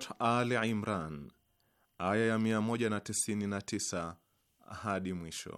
Surat Al Imran aya ya 199 hadi mwisho.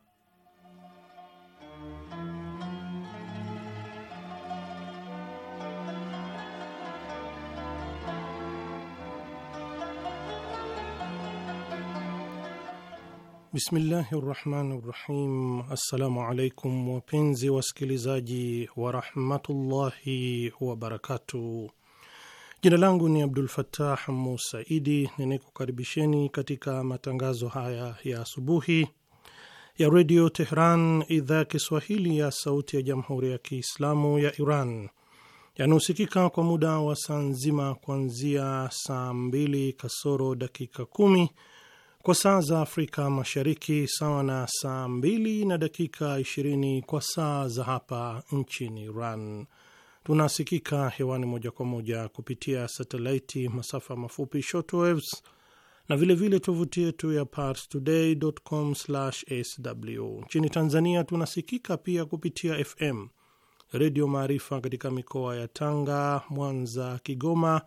Bismillahi rrahmani rrahim. Assalamu alaikum wapenzi wasikilizaji warahmatullahi wabarakatuh. Jina langu ni Abdul Fattah Musaidi, ninakukaribisheni katika matangazo haya ya asubuhi ya redio Tehran, idhaa ya Kiswahili ya sauti ya jamhuri ya Kiislamu ya Iran, yanahusikika kwa muda wa saa nzima kuanzia saa mbili kasoro dakika kumi kwa saa za Afrika Mashariki, sawa na saa 2 na dakika 20 kwa saa za hapa nchini Iran. Tunasikika hewani moja kwa moja kupitia satelaiti, masafa mafupi shortwaves na vilevile tovuti yetu ya parstoday.com/sw. Nchini Tanzania tunasikika pia kupitia FM Redio Maarifa katika mikoa ya Tanga, Mwanza, Kigoma,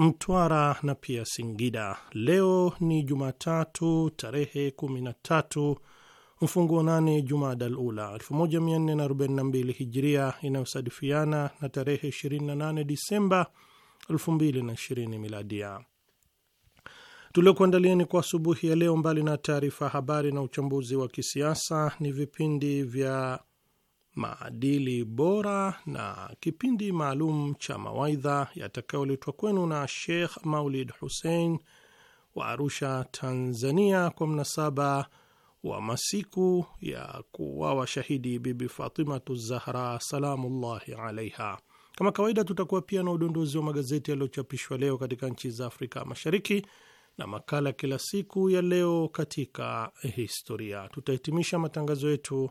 Mtwara na pia Singida. Leo ni Jumatatu tarehe 13 mfunguo nane Jumadal Ula 1442 Hijiria, inayosadifiana na tarehe 28 Disemba 2020 Miladia. Tuliokuandalieni kwa asubuhi ya leo, mbali na taarifa habari na uchambuzi wa kisiasa, ni vipindi vya maadili bora na kipindi maalum cha mawaidha yatakayoletwa kwenu na Sheikh Maulid Hussein wa Arusha, Tanzania, kwa mnasaba wa masiku ya kuwawa shahidi Bibi Fatimatu Zahra salamullahi alaiha. Kama kawaida, tutakuwa pia na udondozi wa magazeti yaliyochapishwa leo katika nchi za Afrika Mashariki na makala kila siku ya leo katika historia. Tutahitimisha matangazo yetu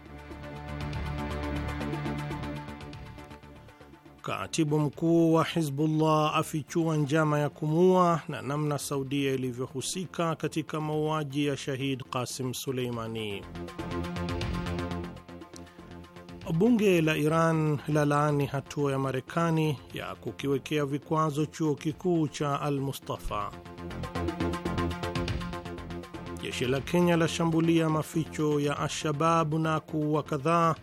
Katibu mkuu wa Hizbullah afichua njama ya kumuua na namna Saudia ilivyohusika katika mauaji ya shahid Qasim Suleimani. Bunge la Iran lalaani hatua ya Marekani ya kukiwekea vikwazo chuo kikuu cha Al Mustafa. Jeshi la Kenya lashambulia maficho ya alshababu na kuua kadhaa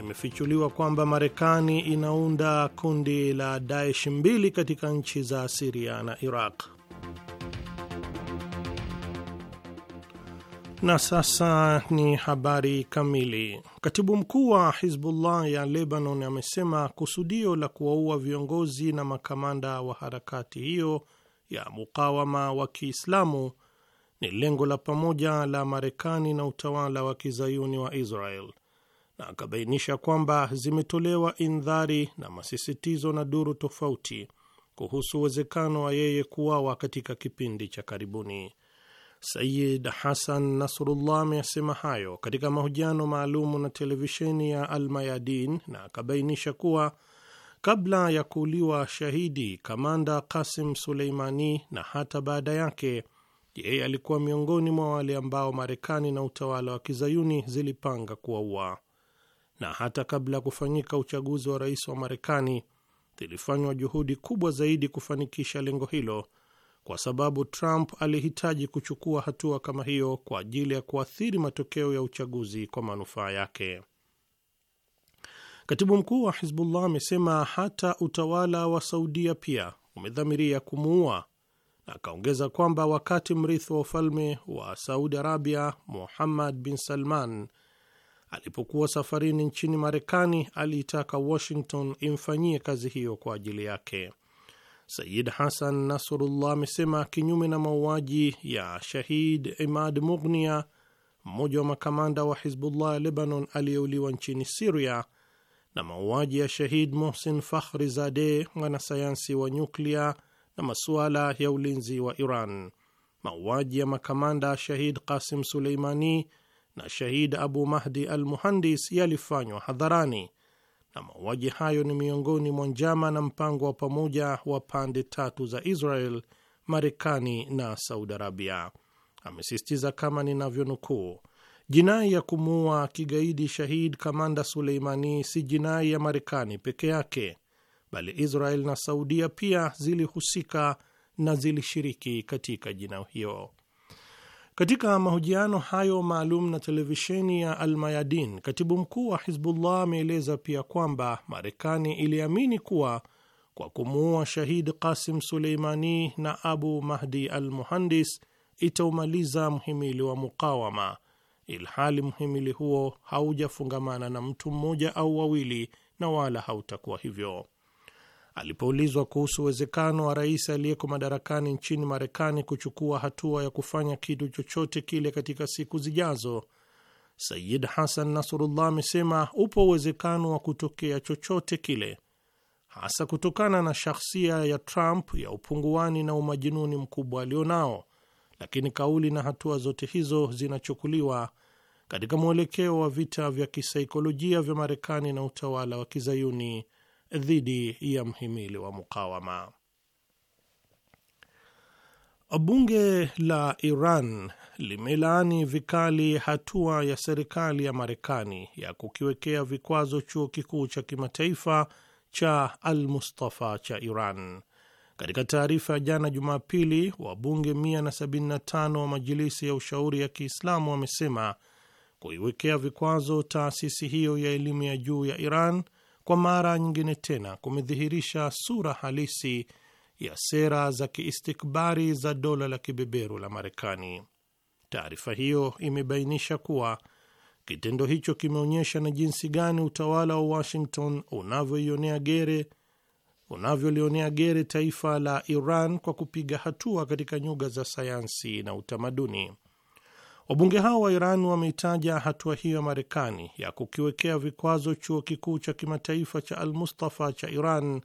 imefichuliwa kwamba Marekani inaunda kundi la Daesh mbili katika nchi za Siria na Iraq. Na sasa ni habari kamili. Katibu mkuu wa Hizbullah ya Lebanon amesema kusudio la kuwaua viongozi na makamanda wa harakati hiyo ya mukawama wa Kiislamu ni lengo la pamoja la Marekani na utawala wa kizayuni wa Israel na akabainisha kwamba zimetolewa indhari na masisitizo na duru tofauti kuhusu uwezekano wa yeye kuwawa katika kipindi cha karibuni. Sayid Hasan Nasrullah ameyasema hayo katika mahojiano maalumu na televisheni ya Almayadin na akabainisha kuwa kabla ya kuuliwa shahidi kamanda Kasim Suleimani na hata baada yake, yeye alikuwa miongoni mwa wale ambao Marekani na utawala wa kizayuni zilipanga kuwaua na hata kabla ya kufanyika uchaguzi wa rais wa Marekani zilifanywa juhudi kubwa zaidi kufanikisha lengo hilo, kwa sababu Trump alihitaji kuchukua hatua kama hiyo kwa ajili ya kuathiri matokeo ya uchaguzi kwa manufaa yake. Katibu mkuu wa Hizbullah amesema hata utawala wa Saudia pia umedhamiria kumuua na akaongeza kwamba wakati mrithi wa ufalme wa Saudi Arabia Muhammad bin Salman Alipokuwa safarini nchini Marekani, aliitaka Washington imfanyie kazi hiyo kwa ajili yake. Sayid Hasan Nasrullah amesema kinyume na mauaji ya Shahid Imad Mughnia, mmoja wa makamanda wa Hizbullah ya Lebanon aliyeuliwa nchini Siria, na mauaji ya Shahid Mohsin Fakhri zade mwanasayansi wa nyuklia na masuala ya ulinzi wa Iran, mauaji ya makamanda Shahid Qasim Suleimani na shahid Abu Mahdi al Muhandis yalifanywa hadharani, na mauaji hayo ni miongoni mwa njama na mpango wa pamoja wa pande tatu za Israel, Marekani na Saudi Arabia. Amesisitiza kama ninavyonukuu, jinai ya kumuua kigaidi shahid kamanda Suleimani si jinai ya Marekani peke yake, bali Israel na Saudia pia zilihusika na zilishiriki katika jinai hiyo. Katika mahojiano hayo maalum na televisheni ya Almayadin, katibu mkuu wa Hizbullah ameeleza pia kwamba Marekani iliamini kuwa kwa kumuua shahid Qasim Suleimani na Abu Mahdi al Muhandis itaumaliza mhimili wa mukawama, ilhali mhimili huo haujafungamana na mtu mmoja au wawili na wala hautakuwa hivyo. Alipoulizwa kuhusu uwezekano wa rais aliyeko madarakani nchini Marekani kuchukua hatua ya kufanya kitu chochote kile katika siku zijazo, Sayid Hasan Nasrullah amesema upo uwezekano wa kutokea chochote kile, hasa kutokana na shahsia ya Trump ya upunguani na umajinuni mkubwa alionao, lakini kauli na hatua zote hizo zinachukuliwa katika mwelekeo wa vita vya kisaikolojia vya Marekani na utawala wa kizayuni dhidi ya mhimili wa mukawama. Bunge la Iran limelaani vikali hatua ya serikali ya Marekani ya kukiwekea vikwazo chuo kikuu cha kimataifa cha Al-Mustafa cha Iran. Katika taarifa ya jana Jumapili, wabunge 175 wa Majilisi ya Ushauri ya Kiislamu wamesema kuiwekea vikwazo taasisi hiyo ya elimu ya juu ya Iran kwa mara nyingine tena kumedhihirisha sura halisi ya sera za kiistikbari za dola la kibeberu la Marekani. Taarifa hiyo imebainisha kuwa kitendo hicho kimeonyesha na jinsi gani utawala wa Washington unavyoionea gere unavyolionea gere taifa la Iran kwa kupiga hatua katika nyuga za sayansi na utamaduni. Wabunge hao wa Iran wameitaja hatua hiyo ya Marekani ya kukiwekea vikwazo chuo kikuu cha kimataifa cha Al Mustafa cha Iran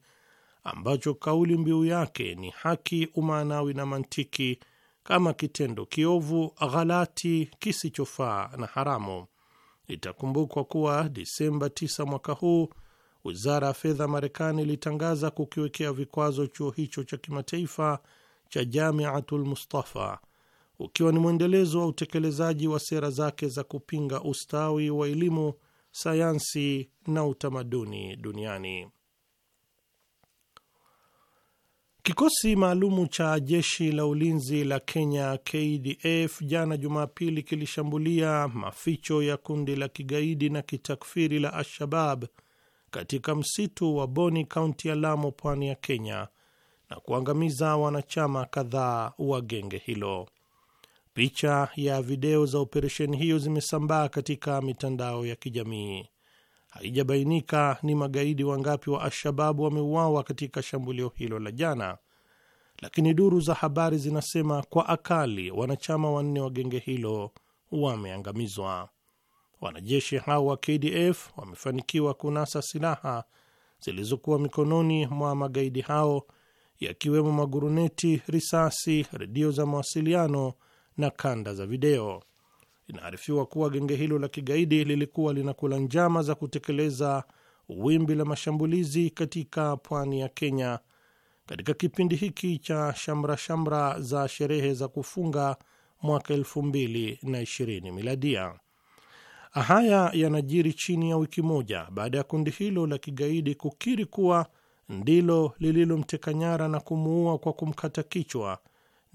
ambacho kauli mbiu yake ni haki, umaanawi na mantiki kama kitendo kiovu, ghalati, kisichofaa na haramu. Itakumbukwa kuwa Disemba 9 mwaka huu wizara ya fedha Marekani ilitangaza kukiwekea vikwazo chuo hicho cha kimataifa cha Jamiatul Mustafa ukiwa ni mwendelezo wa utekelezaji wa sera zake za kupinga ustawi wa elimu, sayansi na utamaduni duniani. Kikosi maalumu cha jeshi la ulinzi la Kenya KDF jana Jumapili kilishambulia maficho ya kundi la kigaidi na kitakfiri la Al-Shabab katika msitu wa Boni, kaunti ya Lamu, pwani ya Kenya na kuangamiza wanachama kadhaa wa genge hilo. Picha ya video za operesheni hiyo zimesambaa katika mitandao ya kijamii. Haijabainika ni magaidi wangapi wa Alshababu wameuawa katika shambulio hilo la jana, lakini duru za habari zinasema kwa akali wanachama wanne wa genge hilo wameangamizwa. Wanajeshi hao wa KDF wamefanikiwa kunasa silaha zilizokuwa mikononi mwa magaidi hao, yakiwemo maguruneti, risasi, redio za mawasiliano na kanda za video. Inaarifiwa kuwa genge hilo la kigaidi lilikuwa linakula njama za kutekeleza wimbi la mashambulizi katika pwani ya Kenya katika kipindi hiki cha shamra shamra za sherehe za kufunga mwaka elfu mbili na ishirini miladia. Haya yanajiri chini ya wiki moja baada ya kundi hilo la kigaidi kukiri kuwa ndilo lililomteka nyara na kumuua kwa kumkata kichwa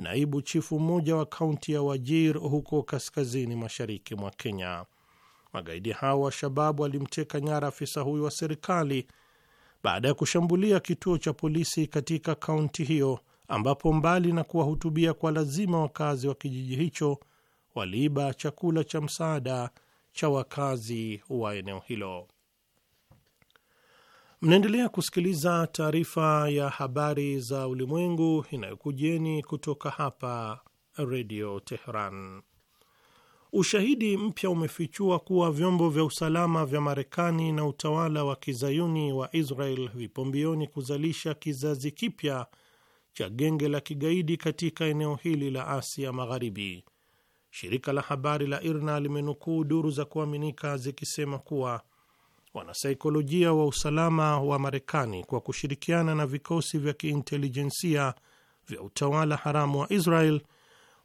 naibu chifu mmoja wa kaunti ya Wajir huko kaskazini mashariki mwa Kenya. Magaidi hao wa Shababu walimteka nyara afisa huyo wa serikali baada ya kushambulia kituo cha polisi katika kaunti hiyo, ambapo mbali na kuwahutubia kwa lazima wakazi wa kijiji hicho, waliiba chakula cha msaada cha wakazi wa eneo hilo. Mnaendelea kusikiliza taarifa ya habari za ulimwengu inayokujeni kutoka hapa Redio Teheran. Ushahidi mpya umefichua kuwa vyombo vya usalama vya Marekani na utawala wa kizayuni wa Israel vipo mbioni kuzalisha kizazi kipya cha genge la kigaidi katika eneo hili la Asia Magharibi. Shirika la habari la IRNA limenukuu duru za kuaminika zikisema kuwa wanasaikolojia wa usalama wa Marekani kwa kushirikiana na vikosi vya kiintelijensia vya utawala haramu wa Israel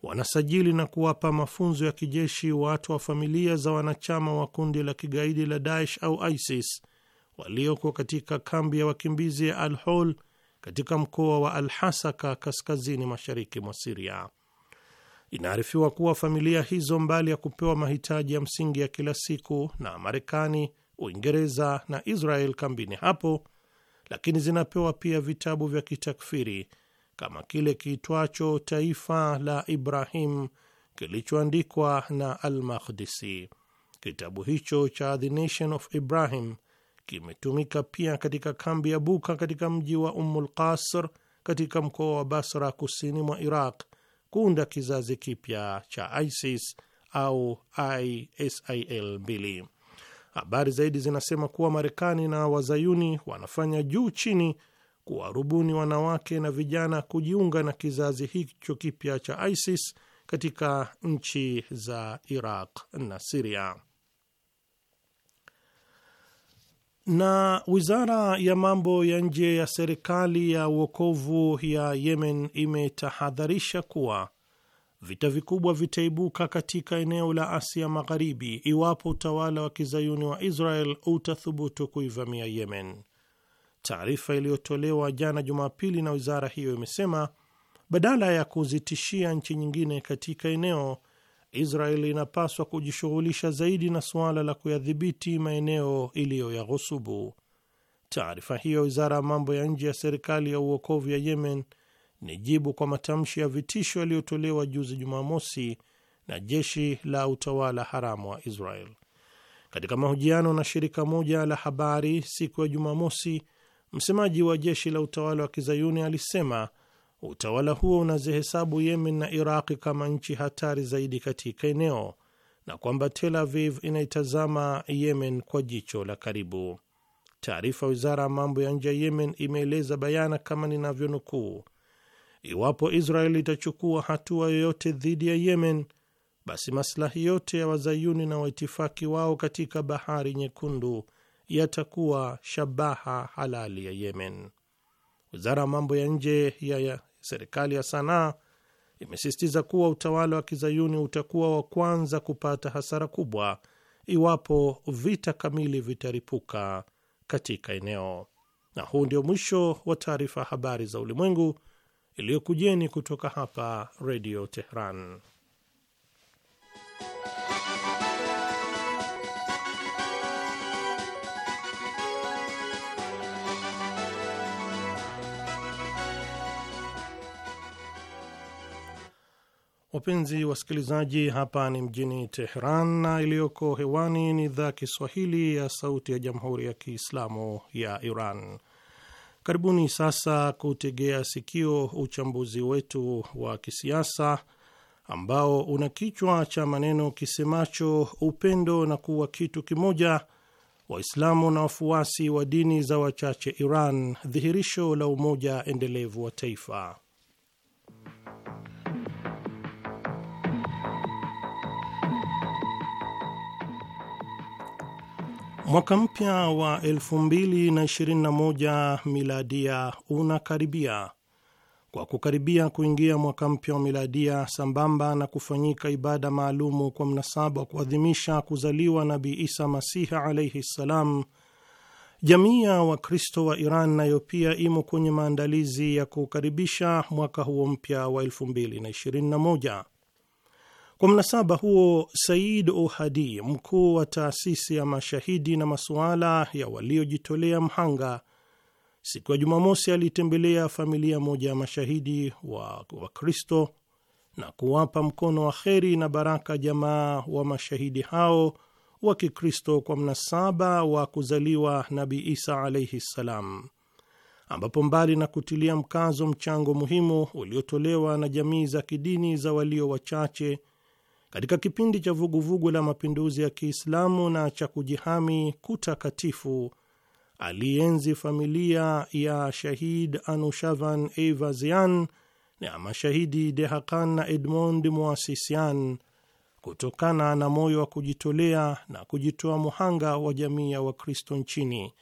wanasajili na kuwapa mafunzo ya kijeshi watu wa familia za wanachama wa kundi la kigaidi la Daesh au ISIS walioko katika kambi ya wakimbizi ya Al Hol katika mkoa wa Al Hasaka kaskazini mashariki mwa Siria. Inaarifiwa kuwa familia hizo mbali ya kupewa mahitaji ya msingi ya kila siku na Marekani Uingereza na Israel kambini hapo, lakini zinapewa pia vitabu vya kitakfiri kama kile kiitwacho Taifa la Ibrahim kilichoandikwa na Al-Makhdisi. Kitabu hicho cha The Nation of Ibrahim kimetumika pia katika kambi ya Buka katika mji wa Ummul Qasr katika mkoa wa Basra kusini mwa Iraq kuunda kizazi kipya cha ISIS au ISIL mbili. Habari zaidi zinasema kuwa Marekani na wazayuni wanafanya juu chini kuwarubuni wanawake na vijana kujiunga na kizazi hicho kipya cha ISIS katika nchi za Iraq na Siria. Na wizara ya mambo ya nje ya serikali ya uokovu ya Yemen imetahadharisha kuwa vita vikubwa vitaibuka katika eneo la Asia Magharibi iwapo utawala wa kizayuni wa Israel utathubutu kuivamia Yemen. Taarifa iliyotolewa jana Jumapili na wizara hiyo imesema badala ya kuzitishia nchi nyingine katika eneo, Israel inapaswa kujishughulisha zaidi na suala la kuyadhibiti maeneo iliyo ghusubu. Taarifa hiyo wizara ya mambo ya nje ya serikali ya uokovu ya Yemen ni jibu kwa matamshi ya vitisho yaliyotolewa juzi Jumamosi na jeshi la utawala haramu wa Israel. Katika mahojiano na shirika moja la habari siku ya Jumamosi, msemaji wa jeshi la utawala wa kizayuni alisema utawala huo unazihesabu Yemen na Iraqi kama nchi hatari zaidi katika eneo na kwamba Tel Aviv inaitazama Yemen kwa jicho la karibu. Taarifa ya wizara ya mambo ya nje ya Yemen imeeleza bayana kama ninavyonukuu Iwapo Israeli itachukua hatua yoyote dhidi ya Yemen, basi maslahi yote ya wazayuni na waitifaki wao katika bahari nyekundu yatakuwa shabaha halali ya Yemen. Wizara ya mambo ya nje ya, ya serikali ya Sanaa imesisitiza kuwa utawala wa kizayuni utakuwa wa kwanza kupata hasara kubwa iwapo vita kamili vitaripuka katika eneo. Na huu ndio mwisho wa taarifa habari za ulimwengu iliyokujeni kutoka hapa Redio Tehran. Wapenzi wasikilizaji, hapa ni mjini Teheran na iliyoko hewani ni idhaa Kiswahili ya Sauti ya Jamhuri ya Kiislamu ya Iran. Karibuni sasa kutegea sikio uchambuzi wetu wa kisiasa ambao una kichwa cha maneno kisemacho upendo na kuwa kitu kimoja, Waislamu na wafuasi wa dini za wachache Iran, dhihirisho la umoja endelevu wa taifa. Mwaka mpya wa 2021 miladia unakaribia. Kwa kukaribia kuingia mwaka mpya wa miladia, sambamba na kufanyika ibada maalumu kwa mnasaba wa kuadhimisha kuzaliwa Nabii Isa Masiha alaihi ssalam, jamii ya Wakristo wa Iran nayo pia imo kwenye maandalizi ya kukaribisha mwaka huo mpya wa 2021. Kwa mnasaba huo, Said Ohadi, mkuu wa taasisi ya mashahidi na masuala ya waliojitolea mhanga, siku ya Jumamosi alitembelea familia moja ya mashahidi wa Wakristo na kuwapa mkono wa kheri na baraka jamaa wa mashahidi hao wa Kikristo kwa mnasaba wa kuzaliwa Nabi Isa alaihi ssalam, ambapo mbali na kutilia mkazo mchango muhimu uliotolewa na jamii za kidini za walio wachache katika kipindi cha vuguvugu la mapinduzi ya Kiislamu na cha kujihami kutakatifu alienzi familia ya shahid Anushavan Evazian na mashahidi Dehakan na Edmond Muasisian kutokana na moyo wa kujitolea na kujitoa muhanga wa jamii ya Wakristo nchini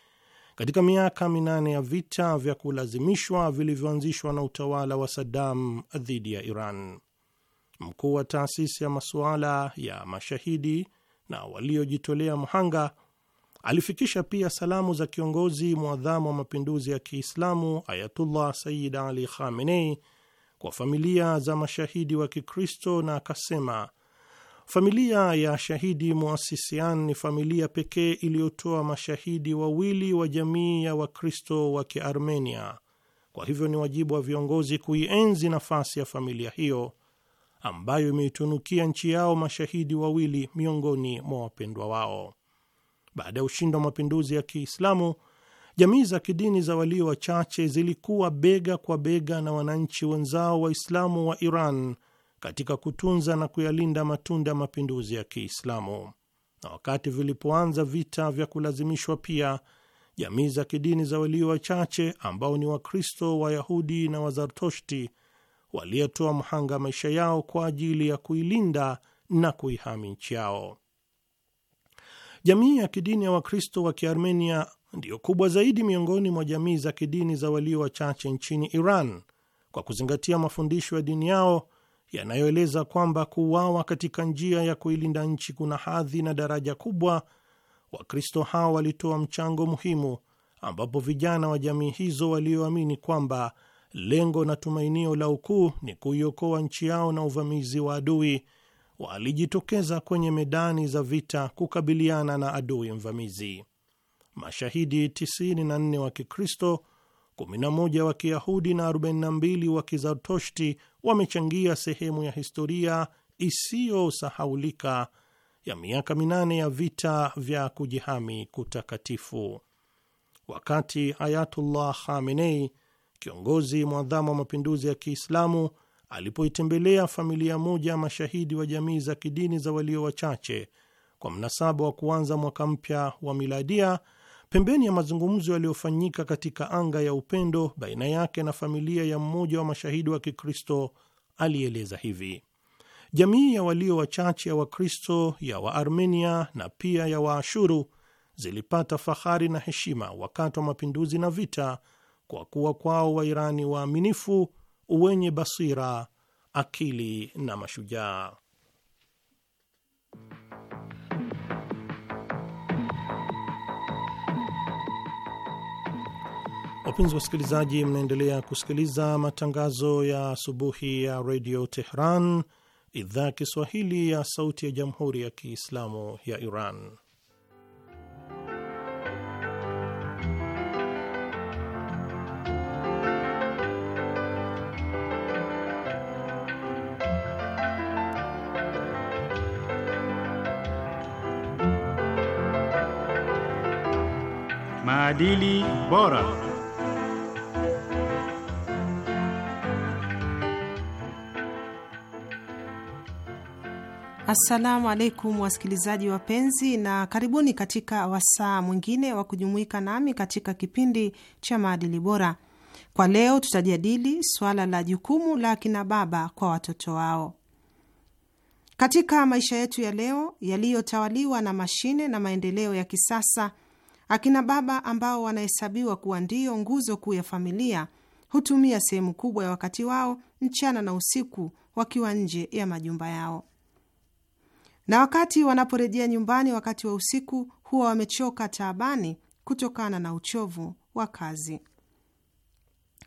katika miaka minane ya vita vya kulazimishwa vilivyoanzishwa na utawala wa Saddam dhidi ya Iran mkuu wa taasisi ya masuala ya mashahidi na waliojitolea mhanga alifikisha pia salamu za kiongozi mwadhamu wa mapinduzi ya Kiislamu Ayatullah Sayyid Ali Khamenei kwa familia za mashahidi wa Kikristo na akasema familia ya shahidi Muasisian ni familia pekee iliyotoa mashahidi wawili wa jamii ya Wakristo wa Kiarmenia. Kwa hivyo ni wajibu wa viongozi kuienzi nafasi ya familia hiyo ambayo imeitunukia nchi yao mashahidi wawili miongoni mwa wapendwa wao. Baada ya ushindi wa mapinduzi ya Kiislamu, jamii za kidini za walio wachache zilikuwa bega kwa bega na wananchi wenzao Waislamu wa Iran katika kutunza na kuyalinda matunda ya mapinduzi ya Kiislamu. Na wakati vilipoanza vita vya kulazimishwa, pia jamii za kidini za walio wachache ambao ni Wakristo, Wayahudi na Wazartoshti waliotoa mhanga maisha yao kwa ajili ya kuilinda na kuihami nchi yao. Jamii ya kidini ya Wakristo wa Kiarmenia ndiyo kubwa zaidi miongoni mwa jamii za kidini za walio wachache nchini Iran kwa kuzingatia mafundisho ya dini yao yanayoeleza kwamba kuuawa katika njia ya kuilinda nchi kuna hadhi na daraja kubwa. Wakristo hao walitoa mchango muhimu, ambapo vijana wa jamii hizo walioamini kwamba lengo na tumainio lao kuu ni kuiokoa nchi yao na uvamizi wa adui, walijitokeza kwenye medani za vita kukabiliana na adui mvamizi. Mashahidi 94 wa Kikristo, 11 wa Kiyahudi na 42 wa Kizartoshti wamechangia sehemu ya historia isiyosahaulika ya miaka minane ya vita vya kujihami kutakatifu. Wakati Ayatullah Khamenei kiongozi mwadhamu wa mapinduzi ya Kiislamu alipoitembelea familia moja ya mashahidi wa jamii za kidini za walio wachache kwa mnasaba wa kuanza mwaka mpya wa miladia, pembeni ya mazungumzo yaliyofanyika katika anga ya upendo baina yake na familia ya mmoja wa mashahidi wa Kikristo, alieleza hivi: jamii ya walio wachache ya Wakristo ya Waarmenia na pia ya Waashuru zilipata fahari na heshima wakati wa mapinduzi na vita kwa kuwa kwao Wairani waaminifu, wenye basira, akili na mashujaa. Wapenzi wasikilizaji, mnaendelea kusikiliza matangazo ya asubuhi ya redio Tehran, idhaa ya Kiswahili ya sauti ya jamhuri ya Kiislamu ya Iran. Maadili Bora. Assalamu alaikum wasikilizaji wapenzi, na karibuni katika wasaa mwingine wa kujumuika nami katika kipindi cha maadili bora. Kwa leo tutajadili suala la jukumu la akina baba kwa watoto wao katika maisha yetu ya leo yaliyotawaliwa na mashine na maendeleo ya kisasa. Akina baba ambao wanahesabiwa kuwa ndiyo nguzo kuu ya familia hutumia sehemu kubwa ya wakati wao mchana na usiku wakiwa nje ya majumba yao, na wakati wanaporejea nyumbani wakati wa usiku huwa wamechoka taabani kutokana na uchovu wa kazi.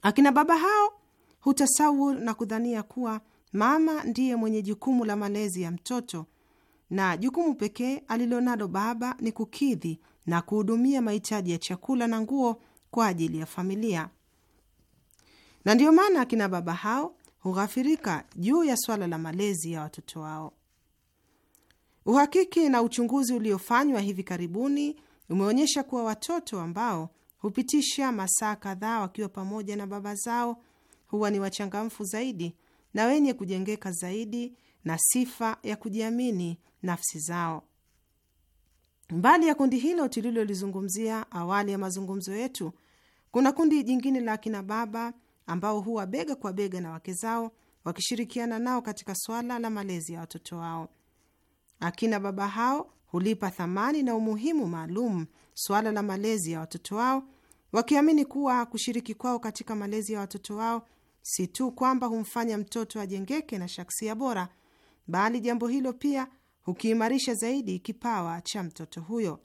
Akina baba hao hutasawur na kudhania kuwa mama ndiye mwenye jukumu la malezi ya mtoto na jukumu pekee alilonalo baba ni kukidhi na kuhudumia mahitaji ya chakula na nguo kwa ajili ya familia, na ndiyo maana akina baba hao hughafirika juu ya swala la malezi ya watoto wao. Uhakiki na uchunguzi uliofanywa hivi karibuni umeonyesha kuwa watoto ambao hupitisha masaa kadhaa wakiwa pamoja na baba zao huwa ni wachangamfu zaidi na wenye kujengeka zaidi na sifa ya kujiamini nafsi zao. Mbali ya kundi hilo tulilolizungumzia awali ya mazungumzo yetu, kuna kundi jingine la akina baba ambao huwa bega kwa bega na wake zao wakishirikiana nao katika swala la malezi ya watoto wao. Akina baba hao hulipa thamani na umuhimu maalum swala la malezi ya watoto wao, wakiamini kuwa kushiriki kwao katika malezi ya watoto wao si tu kwamba humfanya mtoto ajengeke na shaksia bora, bali jambo hilo pia hukiimarisha zaidi kipawa cha mtoto huyo.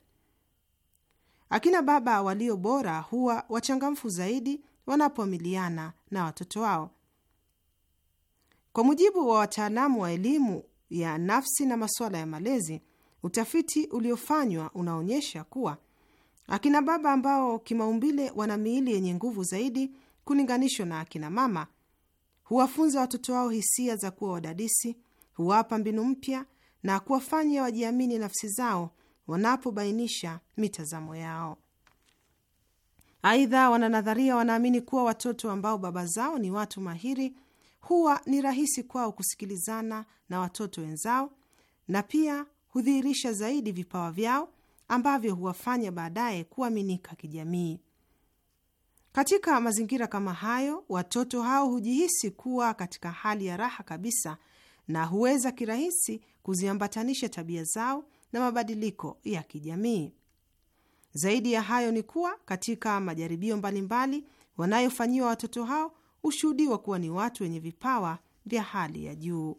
Akina baba walio bora huwa wachangamfu zaidi wanapoamiliana na watoto wao. Kwa mujibu wa wataalamu wa elimu ya nafsi na masuala ya malezi, utafiti uliofanywa unaonyesha kuwa akina baba ambao kimaumbile wana miili yenye nguvu zaidi kulinganishwa na akina mama huwafunza watoto wao hisia za kuwa wadadisi, kuwapa mbinu mpya na kuwafanya wajiamini nafsi zao wanapobainisha mitazamo yao. Aidha, wananadharia wanaamini kuwa watoto ambao baba zao ni watu mahiri huwa ni rahisi kwao kusikilizana na watoto wenzao na pia hudhihirisha zaidi vipawa vyao ambavyo huwafanya baadaye kuaminika kijamii. Katika mazingira kama hayo, watoto hao hujihisi kuwa katika hali ya raha kabisa na huweza kirahisi kuziambatanisha tabia zao na mabadiliko ya kijamii. Zaidi ya hayo ni kuwa katika majaribio mbalimbali wanayofanyiwa watoto hao hushuhudiwa kuwa ni watu wenye vipawa vya hali ya juu.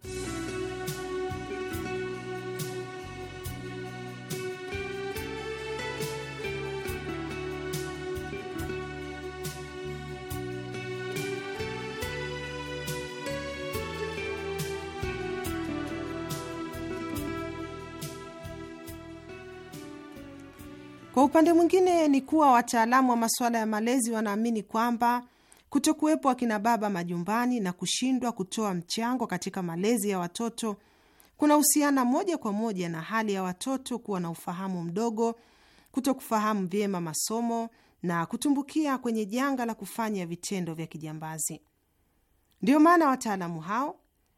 Kwa upande mwingine ni kuwa wataalamu wa masuala ya malezi wanaamini kwamba kutokuwepo akina baba majumbani na kushindwa kutoa mchango katika malezi ya watoto kunahusiana moja kwa moja na hali ya watoto kuwa na ufahamu mdogo, kutokufahamu vyema masomo na kutumbukia kwenye janga la kufanya vitendo vya kijambazi. Ndiyo maana wataalamu hao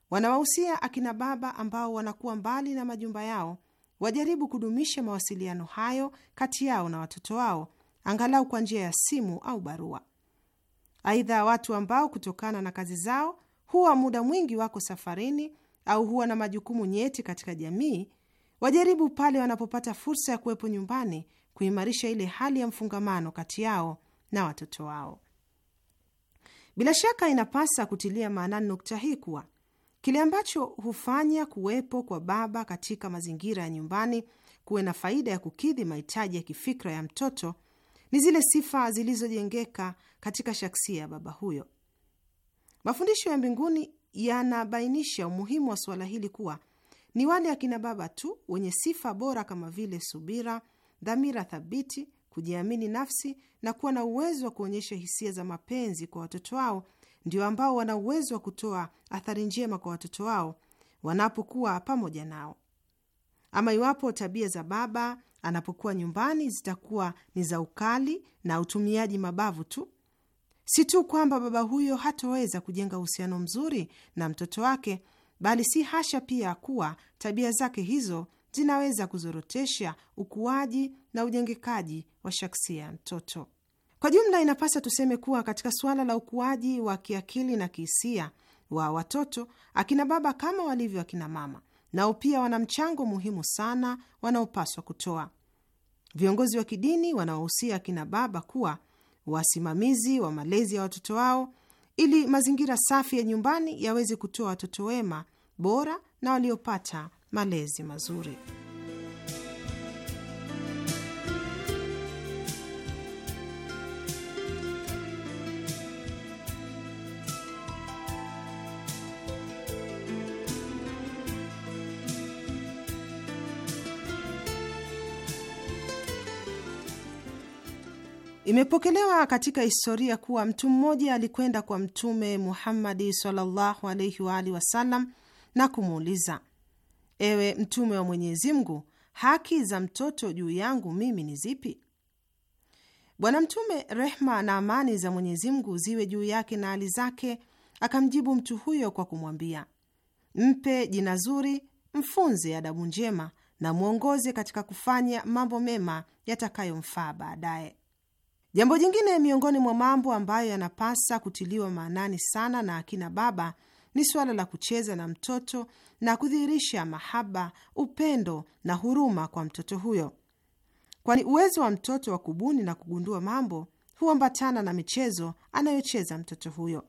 wanawahusia akina baba ambao wanakuwa mbali na majumba yao wajaribu kudumisha mawasiliano hayo kati yao na watoto wao angalau kwa njia ya simu au barua. Aidha, watu ambao kutokana na kazi zao huwa muda mwingi wako safarini au huwa na majukumu nyeti katika jamii, wajaribu pale wanapopata fursa ya kuwepo nyumbani kuimarisha ile hali ya mfungamano kati yao na watoto wao. Bila shaka inapasa kutilia maanani nukta hii kuwa Kile ambacho hufanya kuwepo kwa baba katika mazingira ya nyumbani kuwe na faida ya kukidhi mahitaji ya kifikra ya mtoto ni zile sifa zilizojengeka katika shaksia ya baba huyo. Mafundisho ya mbinguni yanabainisha umuhimu wa suala hili kuwa ni wale akina baba tu wenye sifa bora kama vile subira, dhamira thabiti, kujiamini nafsi na kuwa na uwezo wa kuonyesha hisia za mapenzi kwa watoto wao ndio ambao wana uwezo wa kutoa athari njema kwa watoto wao wanapokuwa pamoja nao. Ama iwapo tabia za baba anapokuwa nyumbani zitakuwa ni za ukali na utumiaji mabavu tu, si tu kwamba baba huyo hatoweza kujenga uhusiano mzuri na mtoto wake, bali si hasha pia kuwa tabia zake hizo zinaweza kuzorotesha ukuaji na ujengekaji wa shaksia ya mtoto. Kwa jumla, inapasa tuseme kuwa katika suala la ukuaji wa kiakili na kihisia wa watoto, akina baba kama walivyo akina mama nao pia wana mchango muhimu sana wanaopaswa kutoa. Viongozi wa kidini wanawahusia akina baba kuwa wasimamizi wa malezi ya watoto wao ili mazingira safi ya nyumbani yaweze kutoa watoto wema bora na waliopata malezi mazuri. Imepokelewa katika historia kuwa mtu mmoja alikwenda kwa Mtume Muhammadi sallallahu alaihi wa alihi wasallam na kumuuliza, ewe Mtume wa Mwenyezi Mungu, haki za mtoto juu yangu mimi ni zipi? Bwana Mtume, rehma na amani za Mwenyezi Mungu ziwe juu yake na hali zake, akamjibu mtu huyo kwa kumwambia, mpe jina zuri, mfunze adabu njema na mwongoze katika kufanya mambo mema yatakayomfaa baadaye. Jambo jingine miongoni mwa mambo ambayo yanapasa kutiliwa maanani sana na akina baba ni suala la kucheza na mtoto na kudhihirisha mahaba, upendo na huruma kwa mtoto huyo, kwani uwezo wa mtoto wa kubuni na kugundua mambo huambatana na michezo anayocheza mtoto huyo.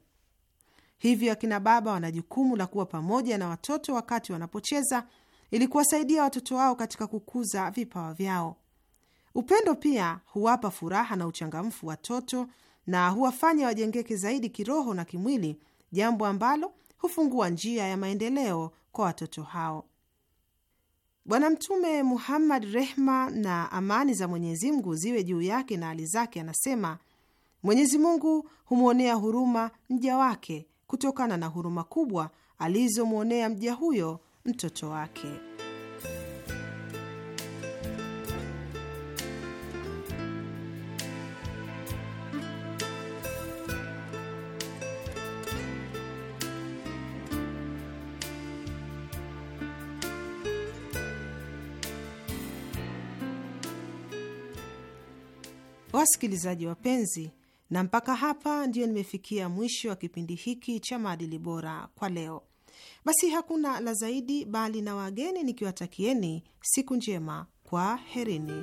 Hivyo akina baba wana jukumu la kuwa pamoja na watoto wakati wanapocheza ili kuwasaidia watoto wao katika kukuza vipawa vyao. Upendo pia huwapa furaha na uchangamfu watoto na huwafanya wajengeke zaidi kiroho na kimwili, jambo ambalo hufungua njia ya maendeleo kwa watoto hao. Bwana Mtume Muhammad, rehma na amani za Mwenyezi Mungu ziwe juu yake na hali zake, anasema Mwenyezi Mungu humwonea huruma mja wake kutokana na huruma kubwa alizomwonea mja huyo mtoto wake. Wasikilizaji wapenzi, na mpaka hapa ndiyo nimefikia mwisho wa kipindi hiki cha maadili bora kwa leo. Basi hakuna la zaidi, bali na wageni nikiwatakieni siku njema, kwa kwaherini.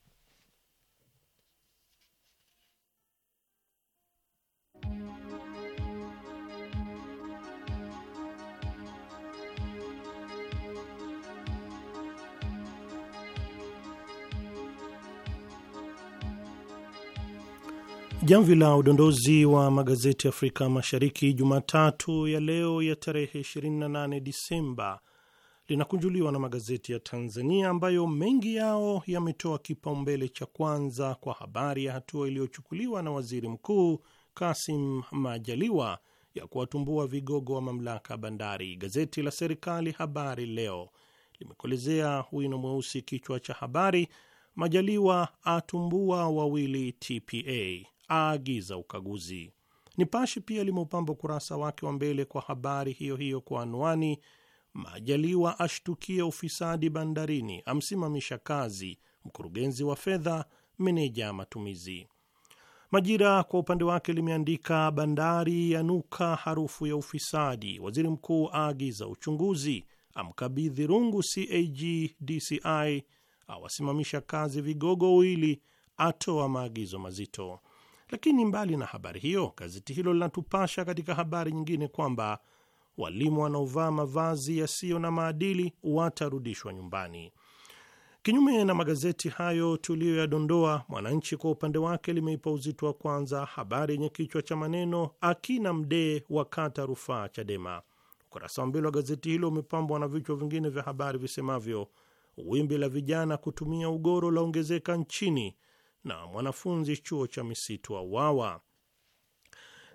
Jamvi la udondozi wa magazeti Afrika Mashariki Jumatatu ya leo ya tarehe 28 Disemba linakunjuliwa na magazeti ya Tanzania ambayo mengi yao yametoa kipaumbele cha kwanza kwa habari ya hatua iliyochukuliwa na Waziri Mkuu Kasim Majaliwa ya kuwatumbua vigogo wa mamlaka bandari. Gazeti la serikali Habari Leo limekolezea wino mweusi kichwa cha habari Majaliwa atumbua wawili TPA aagiza ukaguzi. Nipashe pia limeupamba ukurasa wake wa mbele kwa habari hiyo hiyo kwa anwani, Majaliwa ashtukia ufisadi bandarini, amsimamisha kazi mkurugenzi wa fedha, meneja matumizi. Majira kwa upande wake limeandika bandari yanuka harufu ya ufisadi, waziri mkuu aagiza uchunguzi, amkabidhi rungu CAG DCI, awasimamisha kazi vigogo wawili, atoa maagizo mazito. Lakini mbali na habari hiyo, gazeti hilo linatupasha katika habari nyingine kwamba walimu wanaovaa mavazi yasiyo na maadili watarudishwa nyumbani. Kinyume na magazeti hayo tuliyoyadondoa, Mwananchi kwa upande wake limeipa uzito wa kwanza habari yenye kichwa cha maneno akina Mdee wakata rufaa Chadema. Ukurasa wa mbele wa gazeti hilo umepambwa na vichwa vingine vya habari visemavyo wimbi la vijana kutumia ugoro laongezeka nchini, na mwanafunzi chuo cha misitu auawa.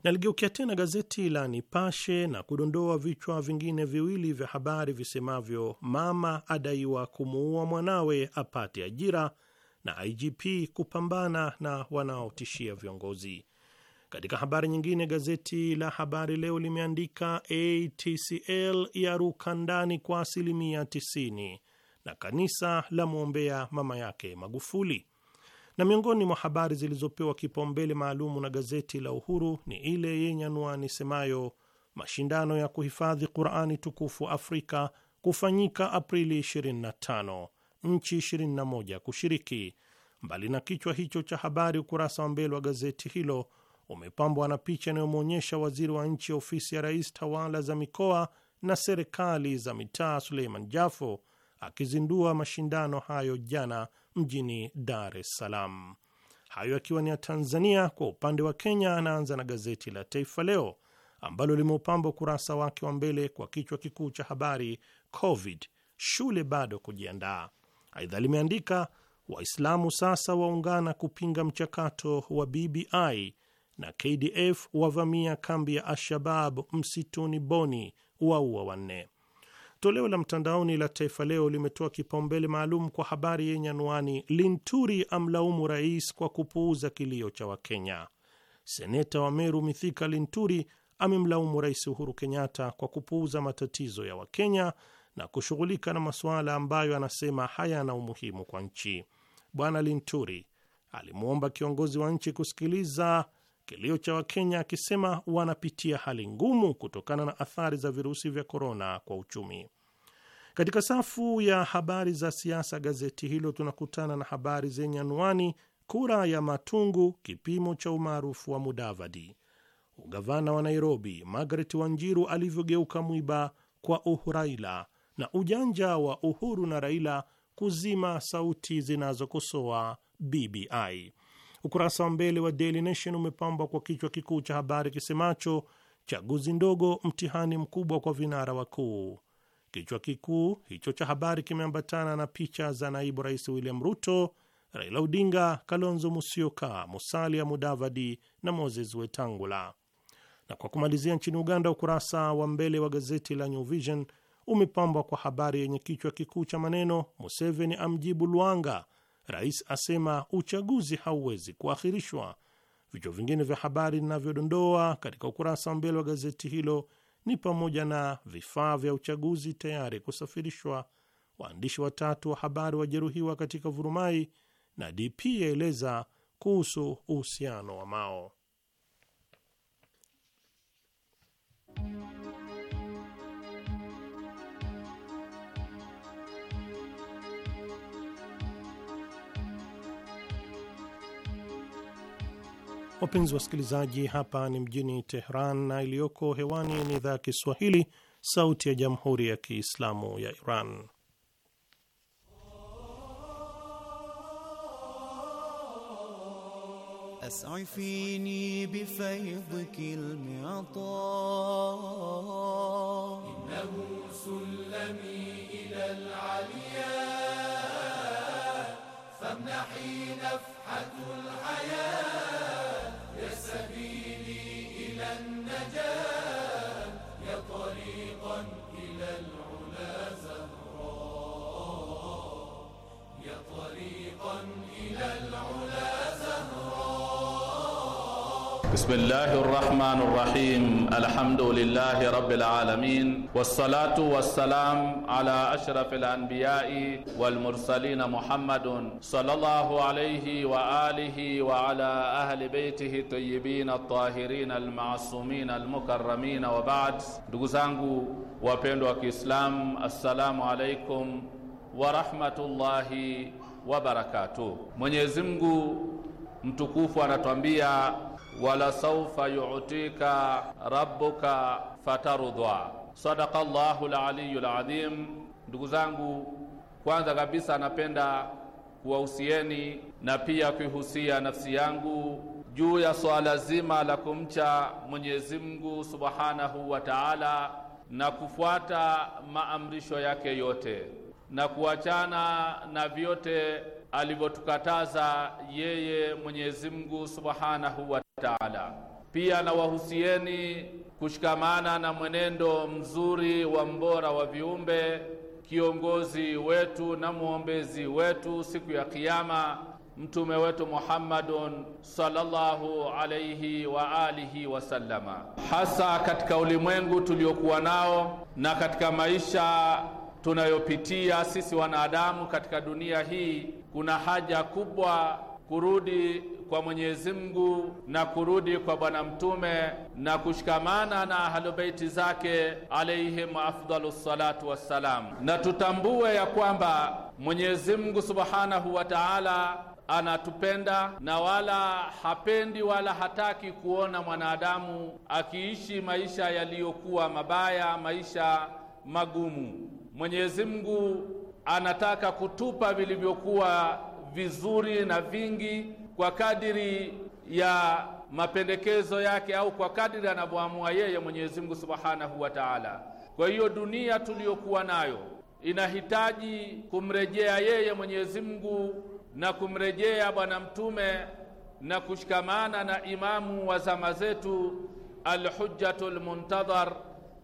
Naligeukia tena gazeti la Nipashe na kudondoa vichwa vingine viwili vya habari visemavyo: mama adaiwa kumuua mwanawe apate ajira, na IGP kupambana na wanaotishia viongozi. Katika habari nyingine, gazeti la Habari Leo limeandika ATCL yaruka ndani kwa asilimia 90 na kanisa la mwombea mama yake Magufuli. Na miongoni mwa habari zilizopewa kipaumbele maalumu na gazeti la Uhuru ni ile yenye anwani semayo mashindano ya kuhifadhi Qurani tukufu Afrika kufanyika Aprili 25, nchi 21 kushiriki. Mbali na kichwa hicho cha habari, ukurasa wa mbele wa gazeti hilo umepambwa na picha inayomwonyesha waziri wa nchi ofisi ya rais tawala za mikoa na serikali za mitaa Suleiman Jafo akizindua mashindano hayo jana mjini Dar es Salaam. Hayo akiwa ni ya Tanzania. Kwa upande wa Kenya, anaanza na gazeti la Taifa Leo ambalo limeupamba ukurasa wake wa mbele kwa kichwa kikuu cha habari, Covid shule bado kujiandaa. Aidha limeandika Waislamu sasa waungana kupinga mchakato wa BBI na KDF wavamia kambi ya Al-Shabab msituni Boni, waua wanne. Toleo la mtandaoni la Taifa Leo limetoa kipaumbele maalum kwa habari yenye anwani Linturi amlaumu rais kwa kupuuza kilio cha Wakenya. Seneta wa Meru Mithika Linturi amemlaumu Rais Uhuru Kenyatta kwa kupuuza matatizo ya Wakenya na kushughulika na masuala ambayo anasema hayana umuhimu kwa nchi. Bwana Linturi alimwomba kiongozi wa nchi kusikiliza kilio cha Wakenya akisema wanapitia hali ngumu kutokana na athari za virusi vya korona kwa uchumi. Katika safu ya habari za siasa, gazeti hilo tunakutana na habari zenye anwani kura ya Matungu, kipimo cha umaarufu wa Mudavadi, ugavana wa Nairobi Margaret Wanjiru alivyogeuka mwiba kwa Uhuraila, na ujanja wa Uhuru na Raila kuzima sauti zinazokosoa BBI. Ukurasa wa mbele wa Daily Nation umepambwa kwa kichwa kikuu cha habari kisemacho chaguzi ndogo, mtihani mkubwa kwa vinara wakuu. Kichwa kikuu hicho cha habari kimeambatana na picha za naibu rais William Ruto, Raila Odinga, Kalonzo Musyoka, Musalia Mudavadi na Moses Wetangula. Na kwa kumalizia, nchini Uganda, ukurasa wa mbele wa gazeti la New Vision umepambwa kwa habari yenye kichwa kikuu cha maneno Museveni amjibu Lwanga Rais asema uchaguzi hauwezi kuahirishwa. Vichwa vingine vya habari linavyodondoa katika ukurasa wa mbele wa gazeti hilo ni pamoja na vifaa vya uchaguzi tayari kusafirishwa, waandishi watatu wa habari wajeruhiwa katika vurumai, na DP yaeleza kuhusu uhusiano wa Mao. Wapenzi wasikilizaji, hapa ni mjini Tehran na iliyoko hewani ni idhaa ya Kiswahili, Sauti ya Jamhuri ya Kiislamu ya Iran. As'ifini بسم الله الرحمن الرحيم الحمد لله رب العالمين والصلاة والسلام على أشرف الأنبياء والمرسلين محمد صلى الله عليه وآله وعلى أهل بيته الطيبين الطاهرين المعصومين المكرمين وبعد دقزانgu wapendwa wa Kiislamu assalamu alaikum wa rahmatullahi wa barakatuh mtukufu anatwambia saufa yutika rabbuka fatarudhwa. Sadaka laliyu ladhim. Ndugu zangu, kwanza kabisa napenda kuwahusieni na pia kuihusia nafsi yangu juu ya swala zima la kumcha Mwenyezi Mungu subhanahu wa taala na kufuata maamrisho yake yote na kuachana na vyote alivyotukataza yeye Mwenyezi Mungu Subhanahu wa Ta'ala. Pia nawahusieni kushikamana na mwenendo mzuri wa mbora wa viumbe, kiongozi wetu na mwombezi wetu siku ya Kiyama, mtume wetu Muhammadun sallallahu alayhi wa alihi wasallama, hasa katika ulimwengu tuliokuwa nao na katika maisha tunayopitia sisi wanadamu katika dunia hii, kuna haja kubwa kurudi kwa Mwenyezi Mungu na kurudi kwa Bwana Mtume na kushikamana na ahlubeiti zake alaihim afdalu salatu wassalam, na tutambue ya kwamba Mwenyezi Mungu subhanahu wa taala anatupenda na wala hapendi wala hataki kuona mwanadamu akiishi maisha yaliyokuwa mabaya, maisha magumu. Mwenyezi Mungu anataka kutupa vilivyokuwa vizuri na vingi kwa kadiri ya mapendekezo yake au kwa kadiri anavyoamua yeye Mwenyezi Mungu Subhanahu wa Ta'ala. Kwa hiyo dunia tuliyokuwa nayo inahitaji kumrejea yeye Mwenyezi Mungu na kumrejea Bwana Mtume na kushikamana na imamu wa zama zetu Al-Hujjatul Muntadhar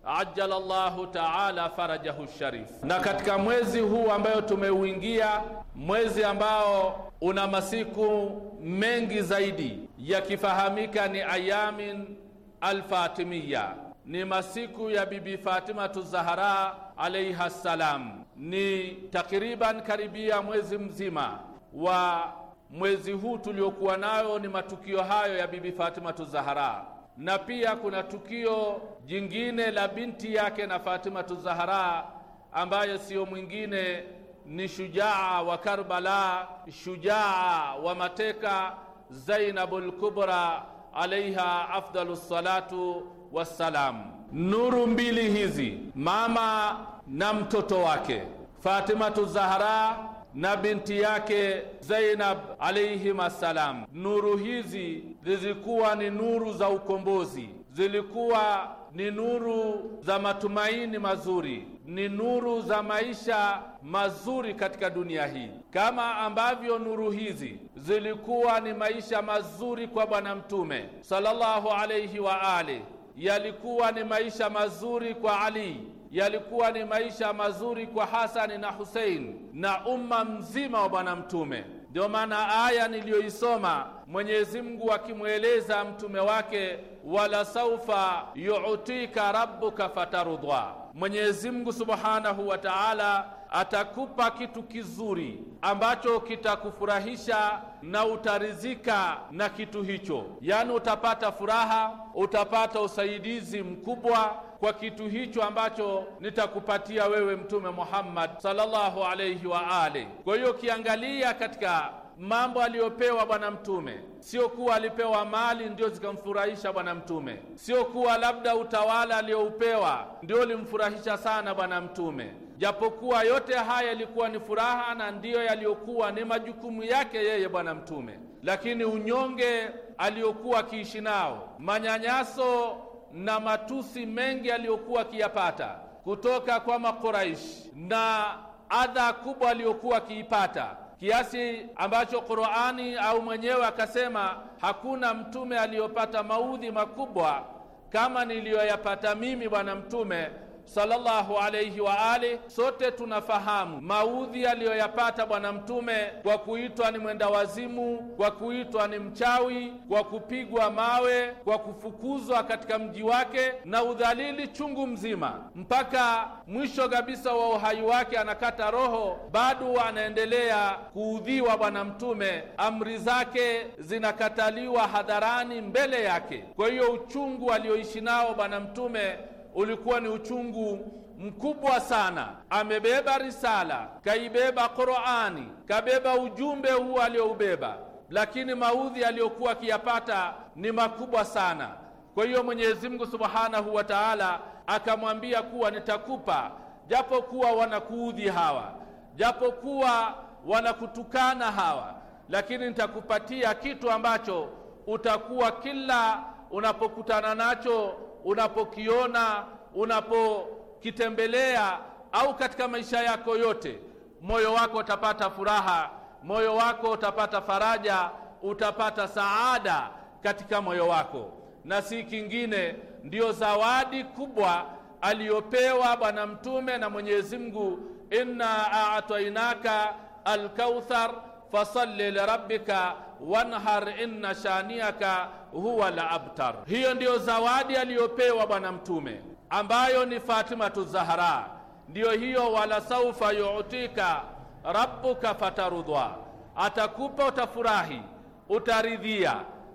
ajala llahu taala farajahu sharif. Na katika mwezi huu ambayo tumeuingia, mwezi ambao una masiku mengi zaidi yakifahamika ni ayamin alfatimiya, ni masiku ya Bibi Fatimatu Zahara alaiha ssalam, ni takriban karibia mwezi mzima wa mwezi huu tuliokuwa nayo ni matukio hayo ya Bibi fatimatu zahara na pia kuna tukio jingine la binti yake na Fatimatu zahara ambaye siyo mwingine ni shujaa wa Karbala, shujaa wa mateka Zainabul Kubra alaiha afdalu salatu wassalam. Nuru mbili hizi, mama na mtoto wake Fatimatu Zahara na binti yake Zainab alayhim assalam. Nuru hizi zilikuwa ni nuru za ukombozi, zilikuwa ni nuru za matumaini mazuri, ni nuru za maisha mazuri katika dunia hii, kama ambavyo nuru hizi zilikuwa ni maisha mazuri kwa Bwana Mtume sallallahu alayhi wa ali, yalikuwa ni maisha mazuri kwa Ali yalikuwa ni maisha mazuri kwa Hasani na Husein na umma mzima wa Bwana Mtume. Ndio maana aya niliyoisoma Mwenyezi Mungu akimweleza mtume wake, wala saufa yuutika rabbuka fatarudwa, Mwenyezi Mungu subhanahu wa taala atakupa kitu kizuri ambacho kitakufurahisha na utarizika na kitu hicho, yaani utapata furaha, utapata usaidizi mkubwa kwa kitu hicho ambacho nitakupatia wewe Mtume Muhammad sallallahu alayhi wa ali. Kwa hiyo ukiangalia katika mambo aliyopewa Bwana Mtume, sio kuwa alipewa mali ndio zikamfurahisha Bwana Mtume, sio kuwa labda utawala aliyoupewa ndio ulimfurahisha sana Bwana Mtume, japokuwa yote haya yalikuwa ni furaha na ndiyo yaliyokuwa ni majukumu yake yeye Bwana Mtume, lakini unyonge aliyokuwa akiishi nao, manyanyaso na matusi mengi aliyokuwa akiyapata kutoka kwa Makuraish na adha kubwa aliyokuwa akiipata kiasi ambacho Qurani au mwenyewe akasema hakuna mtume aliyopata maudhi makubwa kama niliyoyapata mimi bwana mtume sallallahu alayhi wa ali. Sote tunafahamu maudhi aliyoyapata Bwana Mtume kwa kuitwa ni mwenda wazimu, kwa kuitwa ni mchawi, kwa kupigwa mawe, kwa kufukuzwa katika mji wake na udhalili chungu mzima, mpaka mwisho kabisa wa uhai wake anakata roho, bado anaendelea kuudhiwa Bwana Mtume, amri zake zinakataliwa hadharani mbele yake. Kwa hiyo uchungu alioishi nao Bwana Mtume ulikuwa ni uchungu mkubwa sana. Amebeba risala, kaibeba Qurani, kabeba ujumbe huu alioubeba, lakini maudhi aliyokuwa akiyapata ni makubwa sana. Kwa hiyo Mwenyezi Mungu Subhanahu wa Ta'ala akamwambia kuwa nitakupa, japo kuwa wanakuudhi hawa, japo kuwa wanakutukana hawa, lakini nitakupatia kitu ambacho utakuwa kila unapokutana nacho unapokiona, unapokitembelea au katika maisha yako yote, moyo wako utapata furaha, moyo wako utapata faraja, utapata saada katika moyo wako, na si kingine, ndiyo zawadi kubwa aliyopewa Bwana Mtume na Mwenyezi Mungu, inna a'tainaka alkauthar fasalli lirabbika wanhar inna shaniaka huwa la abtar. Hiyo ndiyo zawadi aliyopewa Bwana Mtume ambayo ni Fatimatu zahara ndiyo hiyo wala saufa yutika rabbuka fatarudhwa, atakupa utafurahi, utaridhia.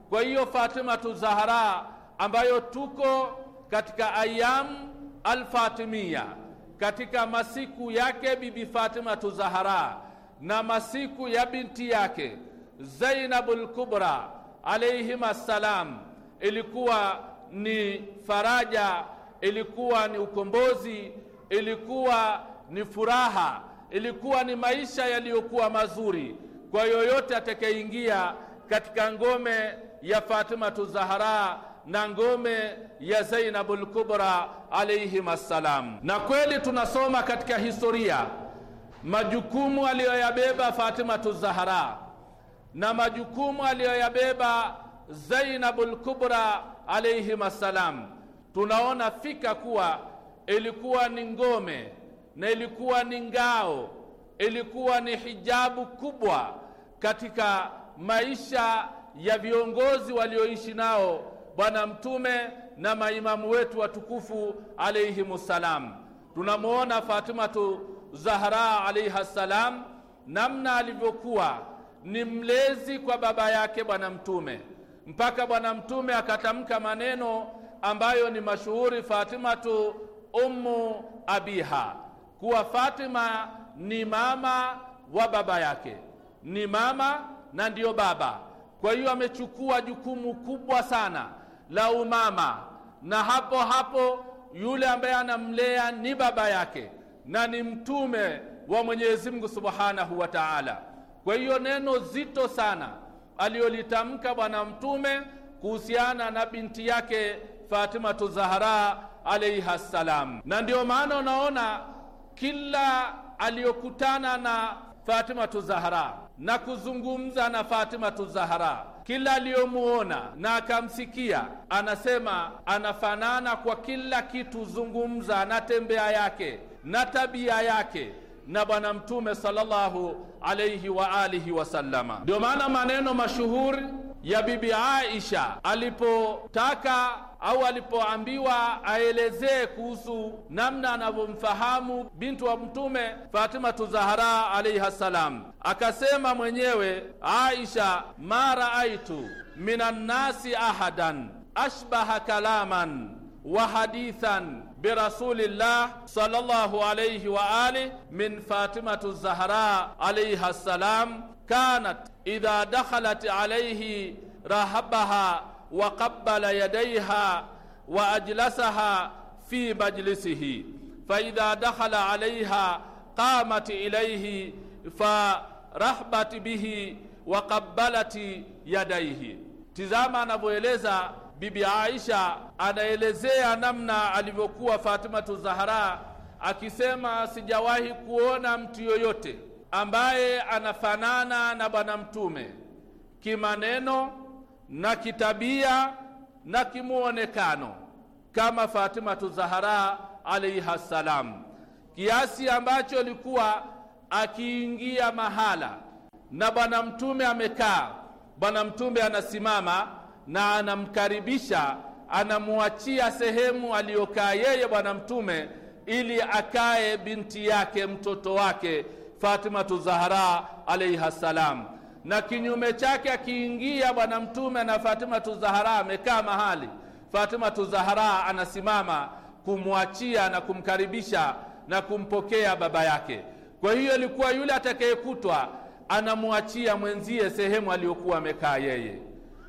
Kwa hiyo Fatimatu zahara ambayo tuko katika ayamu alfatimia, katika masiku yake Bibi Fatimatu zahara na masiku ya binti yake al Kubra alayhima salam, ilikuwa ni faraja, ilikuwa ni ukombozi, ilikuwa ni furaha, ilikuwa ni maisha yaliyokuwa mazuri kwa yoyote atakayeingia katika ngome ya fatima tuzahara na ngome ya Zainabul Kubra alayhima salam. Na kweli tunasoma katika historia majukumu aliyoyabeba Fatimatu Zahara na majukumu aliyoyabeba Zainabul Kubra alayhim assalam, tunaona fika kuwa ilikuwa ni ngome na ilikuwa ni ngao, ilikuwa ni hijabu kubwa katika maisha ya viongozi walioishi nao Bwana Mtume na maimamu wetu watukufu alayhimu salam. Tunamwona Fatimatu Zahra alaiha salam, namna alivyokuwa ni mlezi kwa baba yake Bwana Mtume, mpaka Bwana Mtume akatamka maneno ambayo ni mashuhuri, Fatimatu ummu abiha, kuwa Fatima ni mama wa baba yake, ni mama na ndiyo baba. Kwa hiyo amechukua jukumu kubwa sana la umama, na hapo hapo yule ambaye anamlea ni baba yake na ni mtume wa Mwenyezi Mungu Subhanahu wa Ta'ala. Kwa hiyo neno zito sana aliyolitamka bwana mtume kuhusiana na binti yake Fatima Zahra alayha salam, na ndio maana unaona kila aliyokutana na Fatima Zahra na kuzungumza na Fatima Zahra, kila aliyomuona na akamsikia, anasema anafanana kwa kila kitu, zungumza na tembea yake na tabia yake na Bwana Mtume sallallahu alayhi wa alihi wasallama. Ndio maana maneno mashuhuri ya Bibi Aisha alipotaka au alipoambiwa aelezee kuhusu namna anavyomfahamu bintu wa Mtume Fatima Tuzahara alaiha salam, akasema mwenyewe Aisha, ma raaitu minan nasi ahadan ashbaha kalaman wa hadithan برسول الله صلى الله عليه وآله من فاطمة الزهراء عليها السلام كانت إذا دخلت عليه رهبها وقبل يديها وأجلسها في مجلسه فإذا دخل عليها قامت إليه فرحبت به وقبلت يديه. أبو إليزا Bibi Aisha anaelezea namna alivyokuwa Fatima Zahara akisema, sijawahi kuona mtu yoyote ambaye anafanana na Bwana Mtume kimaneno na kitabia na kimuonekano kama Fatima Zahara alaiha salam, kiasi ambacho alikuwa akiingia mahala na Bwana Mtume amekaa, Bwana Mtume anasimama na anamkaribisha anamwachia sehemu aliyokaa yeye Bwana Mtume ili akae binti yake mtoto wake Fatimatu Zahra alaiha salam. Na kinyume chake akiingia Bwana Mtume na Fatimatu Zahra amekaa mahali, Fatimatu Zahra anasimama kumwachia na kumkaribisha na kumpokea baba yake. Kwa hiyo ilikuwa yule atakayekutwa anamwachia mwenzie sehemu aliyokuwa amekaa yeye.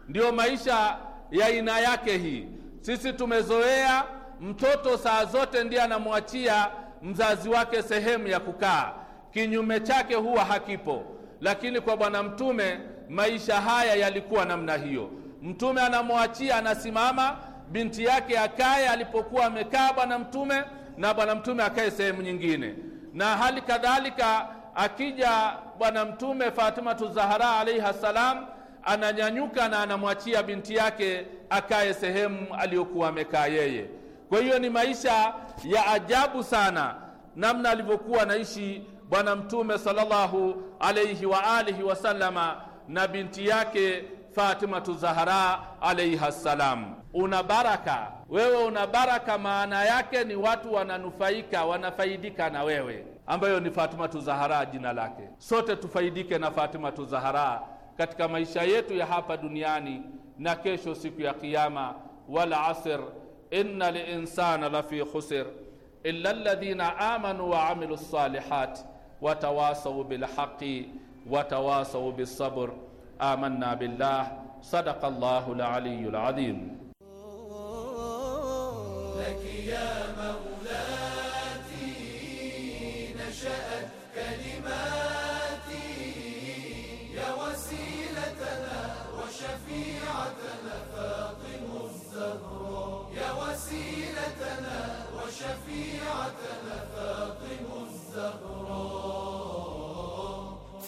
Ndiyo maisha ya aina yake hii. Sisi tumezoea mtoto saa zote ndiye anamwachia mzazi wake sehemu ya kukaa, kinyume chake huwa hakipo. Lakini kwa Bwana Mtume maisha haya yalikuwa namna hiyo. Mtume anamwachia, anasimama binti yake akae alipokuwa amekaa Bwana Mtume, na Bwana Mtume akae sehemu nyingine, na hali kadhalika akija Bwana Mtume Fatima Tuzahara alaihi salam ananyanyuka na anamwachia binti yake akae sehemu aliyokuwa amekaa yeye. Kwa hiyo ni maisha ya ajabu sana, namna alivyokuwa anaishi Bwana Mtume sallallahu alayhi wa alihi wasallama na binti yake Fatimatu Zahra alayha salam. Una baraka wewe, una baraka, maana yake ni watu wananufaika, wanafaidika na wewe, ambayo ni Fatimatu Zahra jina lake. Sote tufaidike na Fatimatu Zahra katika maisha yetu ya hapa duniani na kesho siku ya kiyama wala asr inna linsana lafi khusr illa alladhina amanu wa amilu salihat watawasau bilhaqi watawasau bisabr amanna billah sadaqa llahu laliyu lazim لك يا مولاتي نشأت كلمات وسيلتنا وشفيعتنا فاطم الزهراء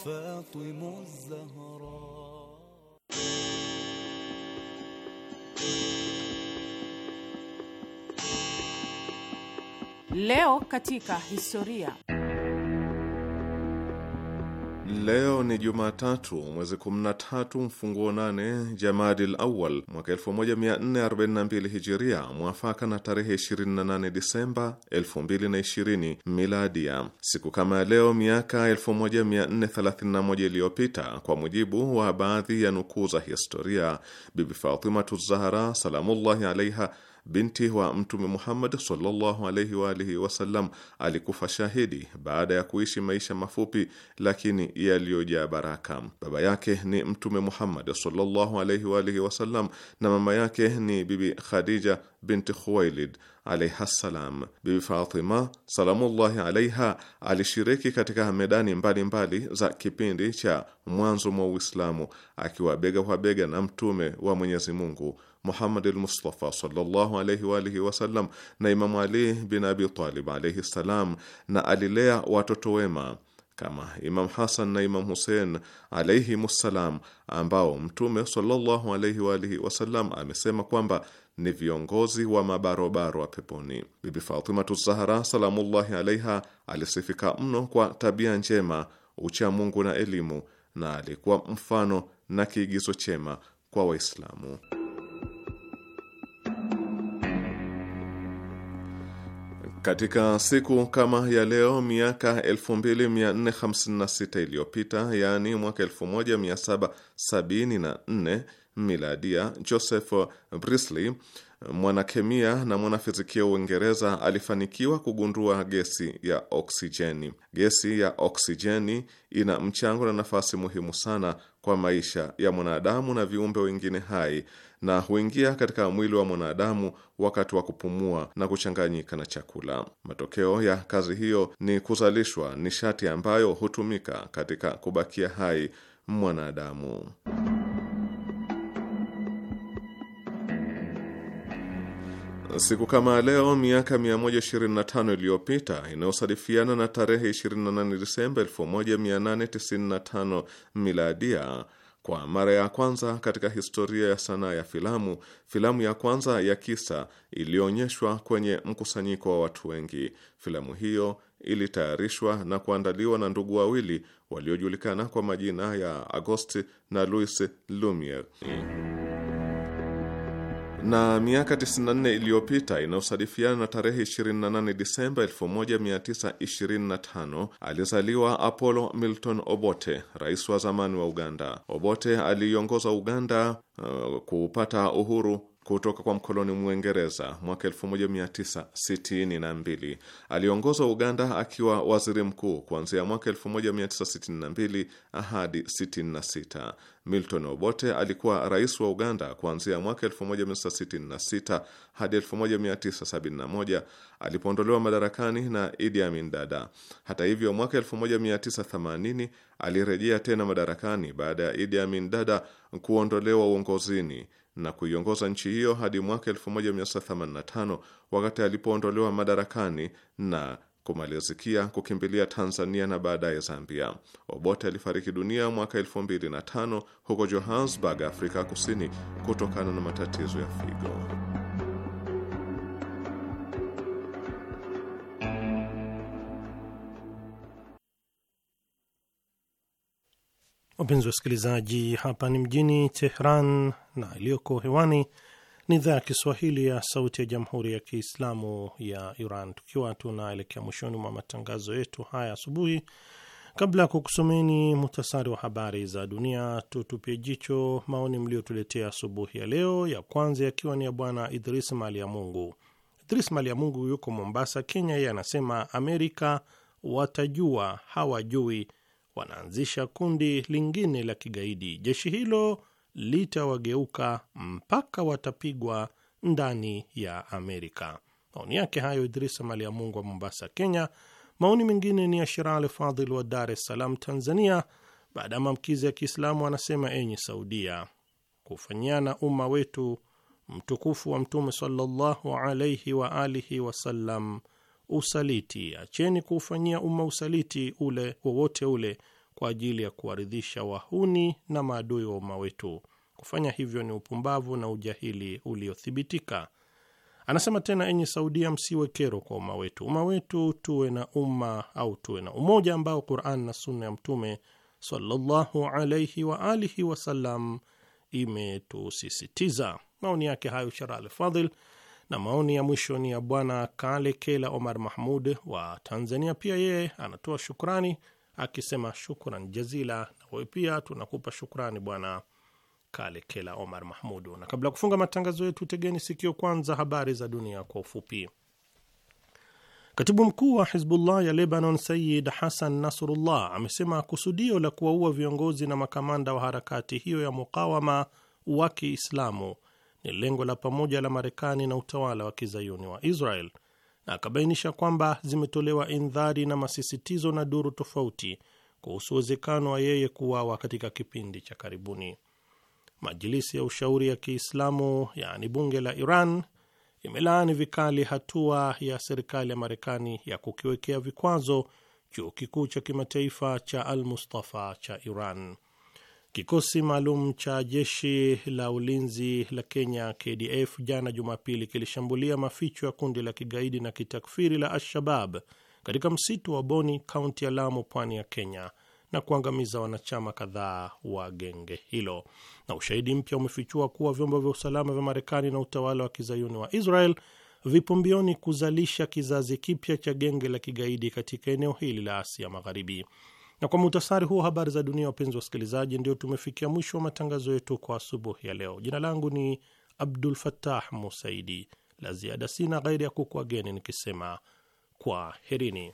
فاطم الزهراء Leo katika historia. Leo ni Jumatatu, mwezi 13 mfunguo 8 Jamadil Awal mwaka 1442 Hijiria, mwafaka na tarehe 28 Disemba 2020 Miladia. Siku kama ya leo miaka 1431 iliyopita, kwa mujibu wa baadhi ya nukuu za historia, Bibi Fatimatu Zahra salamullahi alaiha binti wa Mtume Muhammad sallallahu alaihi wa alihi wasallam alikufa shahidi baada ya kuishi maisha mafupi lakini yaliyojaa baraka. Baba yake ni Mtume Muhammad sallallahu alaihi wa alihi wasallam na mama yake ni Bibi Khadija binti Khuwailid alaiha salam. Bibi Fatima salamullahi alaiha alishiriki katika medani mbalimbali mbali za kipindi cha mwanzo mwa Uislamu akiwa bega kwa bega na Mtume wa Mwenyezi Mungu Muhammad al-Mustafa sallallahu alayhi wa alihi sallam na Imamu Ali bin Abi Talib alayhi salam, na alilea watoto wema kama Imam Hasan na Imam Hussein alayhimussalam, ambao Mtume sallallahu alayhi wa alihi sallam amesema kwamba ni viongozi wa mabarobaro wa peponi. Bibi Fatima Zahra salamullahi alayha alisifika mno kwa tabia njema, uchamungu na elimu, na alikuwa mfano na kiigizo chema kwa Waislamu. Katika siku kama ya leo miaka 2456 iliyopita, yaani mwaka 1774 miladia, Joseph Brisley mwanakemia na mwanafizikia Uingereza alifanikiwa kugundua gesi ya oksijeni. Gesi ya oksijeni ina mchango na nafasi muhimu sana kwa maisha ya mwanadamu na viumbe wengine hai na huingia katika mwili wa mwanadamu wakati wa kupumua na kuchanganyika na chakula. Matokeo ya kazi hiyo ni kuzalishwa nishati ambayo hutumika katika kubakia hai mwanadamu. Siku kama leo miaka 125 iliyopita inayosadifiana na tarehe 28 Disemba 1895 miladia kwa mara ya kwanza katika historia ya sanaa ya filamu, filamu ya kwanza ya kisa ilionyeshwa kwenye mkusanyiko wa watu wengi. Filamu hiyo ilitayarishwa na kuandaliwa na ndugu wawili waliojulikana kwa majina ya Auguste na Louis Lumiere na miaka 94 iliyopita inayosadifiana na tarehe 28 Disemba 1925 alizaliwa Apollo Milton Obote, rais wa zamani wa Uganda. Obote aliiongoza Uganda uh, kuupata uhuru kutoka kwa mkoloni Mwingereza mwaka 1962. Aliongoza Uganda akiwa waziri mkuu kuanzia mwaka 1962 hadi 66. Milton Obote alikuwa rais wa Uganda kuanzia mwaka 1966 hadi 1971 alipoondolewa madarakani na Idi Amin Dada. Hata hivyo, mwaka 1980 alirejea tena madarakani baada ya Idi Amin Dada kuondolewa uongozini na kuiongoza nchi hiyo hadi mwaka 1985 wakati alipoondolewa madarakani na kumalizikia kukimbilia Tanzania na baadaye Zambia. Obote alifariki dunia mwaka 2005 huko Johannesburg, Afrika Kusini kutokana na matatizo ya figo. Wapenzi wasikilizaji, hapa ni mjini Tehran na iliyoko hewani ni idhaa ya Kiswahili ya Sauti ya Jamhuri ya Kiislamu ya Iran. Tukiwa tunaelekea mwishoni mwa matangazo yetu haya asubuhi, kabla ya kukusomeni muhtasari wa habari za dunia, tutupie jicho maoni mliotuletea asubuhi ya leo. Ya kwanza yakiwa ni ya Bwana Idris Mali ya Mungu. Idris Mali ya Mungu yuko Mombasa, Kenya. Yeye anasema Amerika watajua hawajui, wanaanzisha kundi lingine la kigaidi. Jeshi hilo litawageuka mpaka watapigwa ndani ya Amerika. Maoni yake hayo Idrisa Mungu wa Mombasa, Kenya. Maoni mengine ni ya Shira Fadhil wa Dar es Salaam, Tanzania. Baada ya maamkizi ya Kiislamu anasema, enyi Saudia, kufanyiana umma wetu mtukufu wa Mtume sallallahu alaihi wa alihi wasallam usaliti. Acheni kuufanyia umma usaliti ule wowote ule kwa ajili ya kuwaridhisha wahuni na maadui wa umma wetu. Kufanya hivyo ni upumbavu na ujahili uliothibitika. Anasema tena, enye Saudia, msiwe kero kwa umma wetu. Umma wetu tuwe na umma au tuwe na umoja ambao Quran na sunna ya Mtume sallallahu alaihi wa alihi wasallam imetusisitiza. Maoni yake hayo Shara Alfadhil, na maoni ya mwisho ni ya Bwana Kalekela Omar Mahmud wa Tanzania. Pia yeye anatoa shukrani akisema shukran jazila. Na wewe pia tunakupa shukrani bwana Kalekela Omar Mahmudu. Na kabla ya kufunga matangazo yetu, tegeni sikio kwanza habari za dunia kwa ufupi. Katibu mkuu wa Hizbullah ya Lebanon Sayid Hasan Nasrullah amesema kusudio la kuwaua viongozi na makamanda wa harakati hiyo ya mukawama wa Kiislamu ni lengo la pamoja la Marekani na utawala wa kizayuni wa Israel na akabainisha kwamba zimetolewa indhari na masisitizo na duru tofauti kuhusu uwezekano wa yeye kuwawa katika kipindi cha karibuni. Majilisi ya ushauri ya Kiislamu, yaani bunge la Iran, imelaani vikali hatua ya serikali ya Marekani ya kukiwekea vikwazo chuo kikuu cha kimataifa cha Al Mustafa cha Iran. Kikosi maalum cha jeshi la ulinzi la Kenya KDF jana Jumapili kilishambulia maficho ya kundi la kigaidi na kitakfiri la Al-Shabab katika msitu wa Boni, kaunti ya Lamu, pwani ya Kenya na kuangamiza wanachama kadhaa wa genge hilo. Na ushahidi mpya umefichua kuwa vyombo vya usalama vya Marekani na utawala wa kizayuni wa Israel vipo mbioni kuzalisha kizazi kipya cha genge la kigaidi katika eneo hili la Asia Magharibi. Na kwa muhtasari huo habari za dunia, wapenzi wa wasikilizaji, ndio tumefikia mwisho wa matangazo yetu kwa asubuhi ya leo. Jina langu ni Abdul Fattah Musaidi. La ziada sina ghairi ya kukuageni nikisema kwa herini.